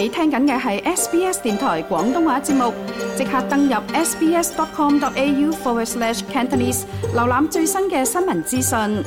你聽緊嘅係 SBS 電台廣東話節目，即刻登入 sbs.com.au/cantonese，an 瀏覽最新嘅新聞資訊。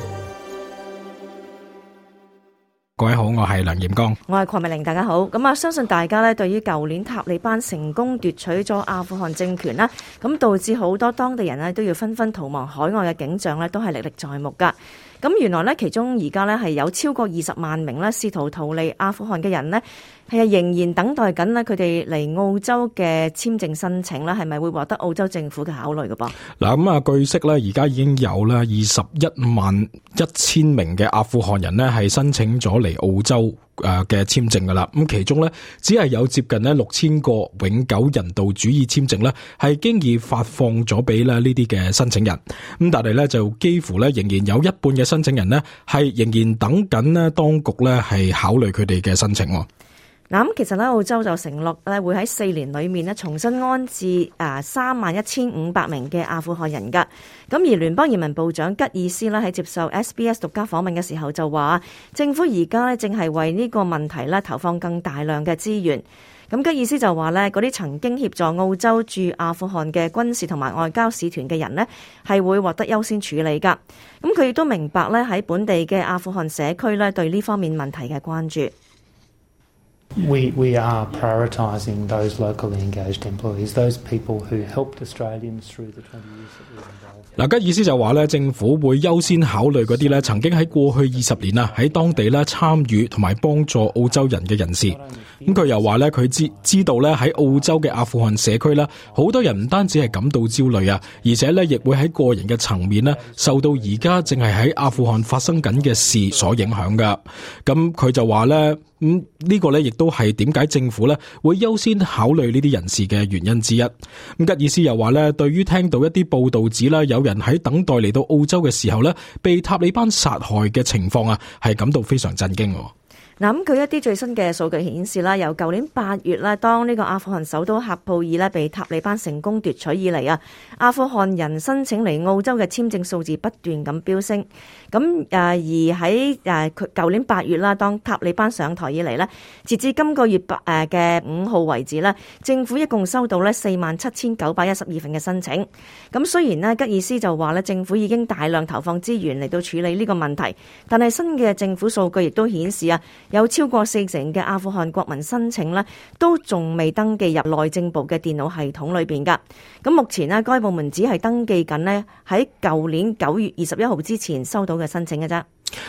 各位好，我係梁艷剛，我係鄺美玲，大家好。咁啊，相信大家咧對於舊年塔利班成功奪取咗阿富汗政權啦，咁導致好多當地人咧都要紛紛逃亡海外嘅景象咧，都係歷歷在目噶。咁原來呢，其中而家呢係有超過二十萬名呢試圖逃離阿富汗嘅人呢，係仍然等待緊呢佢哋嚟澳洲嘅簽證申請啦，係咪會獲得澳洲政府嘅考慮㗎噃？嗱，咁啊據悉呢，而家已經有呢二十一萬一千名嘅阿富汗人呢係申請咗嚟澳洲。誒嘅簽證㗎喇，咁其中咧，只係有接近呢六千個永久人道主義簽證咧，係經已發放咗俾咧呢啲嘅申請人，咁但係咧就幾乎咧仍然有一半嘅申請人咧係仍然等緊呢當局咧係考慮佢哋嘅申請。嗱，咁其實澳洲就承諾咧，會喺四年裏面重新安置啊三萬一千五百名嘅阿富汗人噶。咁而聯邦移民部長吉爾斯咧喺接受 SBS 獨家訪問嘅時候就話，政府而家咧正係為呢個問題咧投放更大量嘅資源。咁吉爾斯就話咧，嗰啲曾經協助澳洲駐阿富汗嘅軍事同埋外交使團嘅人咧，係會獲得優先處理噶。咁佢亦都明白咧喺本地嘅阿富汗社區咧對呢方面問題嘅關注。嗱，咁 we, we 個意思就話咧，政府會優先考慮啲咧曾經喺過去二十年啊喺當地咧參與同埋幫助澳洲人嘅人士。咁佢又話咧，佢知知道咧喺澳洲嘅阿富汗社區咧，好多人唔單止係感到焦慮啊，而且咧亦會喺個人嘅層面咧受到而家淨係喺阿富汗發生緊嘅事所影響噶。咁佢就話咧，咁、嗯、呢、這個咧亦都。都係點解政府咧會優先考慮呢啲人士嘅原因之一。咁吉爾斯又話咧，對於聽到一啲報道指啦，有人喺等待嚟到澳洲嘅時候咧，被塔利班殺害嘅情況啊，係感到非常震驚。嗱，佢一啲最新嘅數據顯示啦，由舊年八月咧，當呢個阿富汗首都喀布爾咧被塔利班成功奪取以嚟啊，阿富汗人申請嚟澳洲嘅簽證數字不斷咁飆升。咁誒而喺誒佢舊年八月啦，當塔利班上台以嚟咧，截至今個月八誒嘅五號為止咧，政府一共收到咧四萬七千九百一十二份嘅申請。咁雖然咧吉爾斯就話咧，政府已經大量投放資源嚟到處理呢個問題，但係新嘅政府數據亦都顯示啊。有超過四成嘅阿富汗國民申請呢，都仲未登記入內政部嘅電腦系統裏邊噶。咁目前呢，該部門只係登記緊呢喺舊年九月二十一號之前收到嘅申請嘅啫。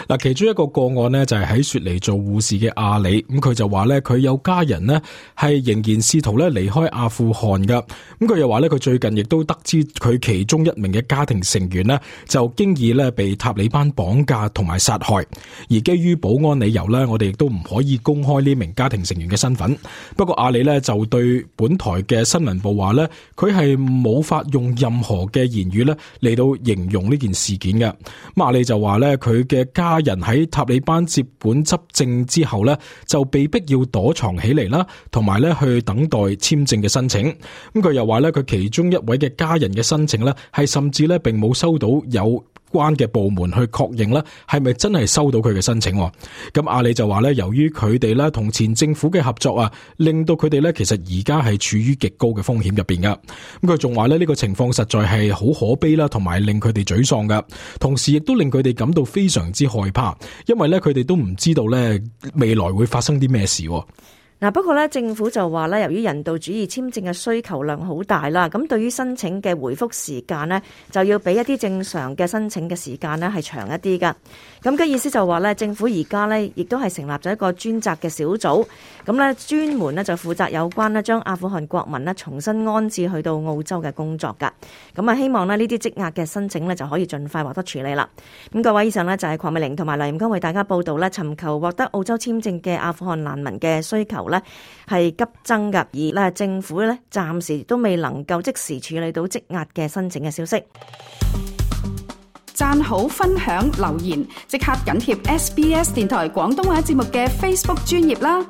嗱，其中一個個案呢，就係喺雪梨做護士嘅阿里，咁佢就話咧佢有家人呢係仍然試圖咧離開阿富汗噶，咁佢又話咧佢最近亦都得知佢其中一名嘅家庭成員呢，就經已咧被塔利班綁架同埋殺害，而基於保安理由咧，我哋亦都唔可以公開呢名家庭成員嘅身份。不過阿里呢，就對本台嘅新聞部話呢，佢係冇法用任何嘅言語呢嚟到形容呢件事件嘅。咁阿里就話呢，佢嘅家。家人喺塔利班接管執政之後咧，就被迫要躲藏起嚟啦，同埋咧去等待簽證嘅申請。咁佢又話咧，佢其中一位嘅家人嘅申請咧，係甚至咧並冇收到有關嘅部門去確認啦，係咪真係收到佢嘅申請？咁阿里就話咧，由於佢哋咧同前政府嘅合作啊，令到佢哋咧其實而家係處於極高嘅風險入邊噶。咁佢仲話咧，呢個情況實在係好可悲啦，同埋令佢哋沮喪噶，同時亦都令佢哋感到非常之害怕，因為咧佢哋都唔知道咧未來會發生啲咩事。嗱，不過咧，政府就話咧，由於人道主義簽證嘅需求量好大啦，咁對於申請嘅回覆時間咧，就要比一啲正常嘅申請嘅時間咧，係長一啲㗎。咁嘅意思就話、是、咧，政府而家咧，亦都係成立咗一個專責嘅小組，咁咧專門咧就負責有關咧將阿富汗國民咧重新安置去到澳洲嘅工作㗎。咁啊，希望咧呢啲積壓嘅申請咧就可以盡快獲得處理啦。咁各位以上咧就係鄺美玲同埋黎艷剛為大家報道咧，尋求獲得澳洲簽證嘅阿富汗難民嘅需求啦。係急增噶而咧政府咧暫時都未能夠即時處理到積壓嘅申請嘅消息。讚好、分享、留言，即刻緊貼 SBS 電台廣東話節目嘅 Facebook 專頁啦。